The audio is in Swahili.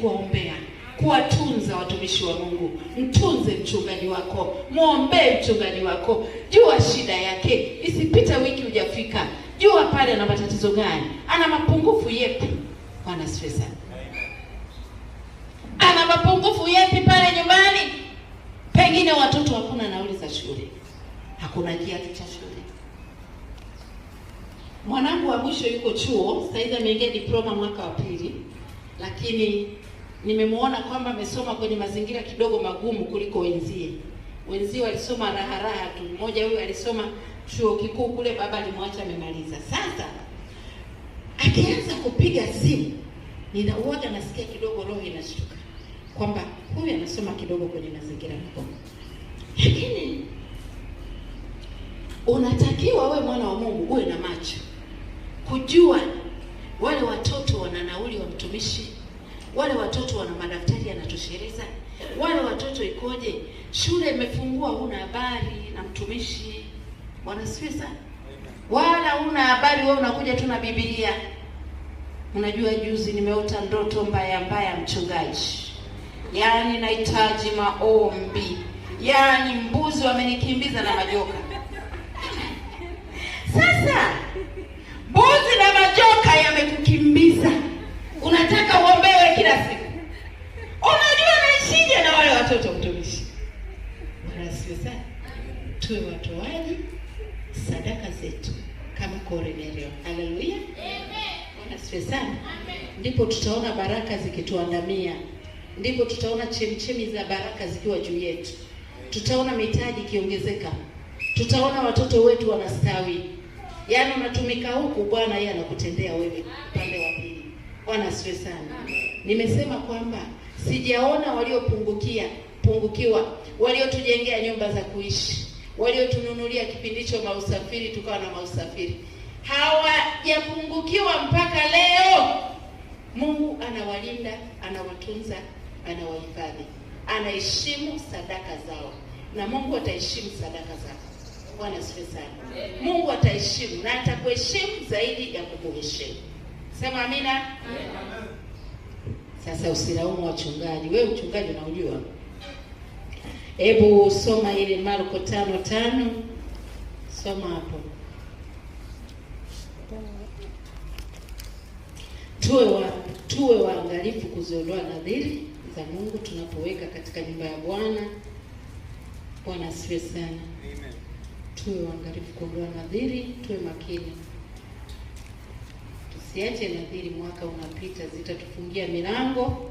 Kuwaombea, kuwatunza watumishi wa Mungu. Mtunze mchungaji wako, mwombee mchungaji wako, jua shida yake, isipite wiki hujafika, jua pale ana matatizo gani, ana mapungufu yepi. Bwana asifiwe sana. Ana mapungufu yepi pale nyumbani? Pengine watoto hakuna nauli za shule, hakuna kiatu cha shule. Mwanangu wa mwisho yuko chuo hivi, ameingia diploma mwaka wa pili lakini nimemwona kwamba amesoma kwenye mazingira kidogo magumu kuliko wenzie. Wenzie walisoma raha raha tu, mmoja huyu alisoma chuo kikuu kule, baba alimwacha amemaliza. Sasa akianza kupiga simu, ninauaga nasikia kidogo roho inashtuka kwamba huyu anasoma kidogo kwenye mazingira magumu, lakini unatakiwa wewe mwana wa Mungu uwe na macho kujua wale watoto wana nauli wa mtumishi? Wale watoto wana madaftari yanatosheleza? Wale watoto ikoje? Shule imefungua, huna habari na mtumishi. Bwana asifiwe sana. Wala huna habari, wewe unakuja tu na Biblia. Unajua, juzi nimeota ndoto mbaya mbaya, mchungaji, yaani nahitaji maombi, yaani mbuzi wamenikimbiza na majoka. Sasa tuwe watoaji sadaka zetu kama Kornelio. Haleluya, amen. Asifiwe sana. Ndipo tutaona baraka zikituandamia, ndipo tutaona chemchemi za baraka zikiwa juu yetu, tutaona mitaji ikiongezeka, tutaona watoto wetu wanastawi. Yaani unatumika huku, Bwana yeye anakutendea wewe upande wa pili. Bwana asifiwe sana. Nimesema kwamba sijaona waliopungukia pungukiwa waliotujengea nyumba za kuishi waliotununulia kipindi hicho mausafiri, tukawa na mausafiri, hawajapungukiwa mpaka leo. Mungu anawalinda, anawatunza, anawahifadhi, anaheshimu sadaka zao, na Mungu ataheshimu sadaka zao. Bwana asifiwe sana. Mungu ataheshimu na atakuheshimu zaidi ya kukuheshimu. Sema amina. Sasa usilaumu wachungaji, wewe uchungaji unaujua Hebu soma ile Marko tano tano, soma hapo. Tuwe wa tuwe waangalifu kuziondoa nadhiri za Mungu tunapoweka katika nyumba ya Bwana. Bwana asifiwe sana. Tuwe waangalifu kuondoa nadhiri, tuwe makini, tusiache nadhiri. Mwaka unapita, zitatufungia milango.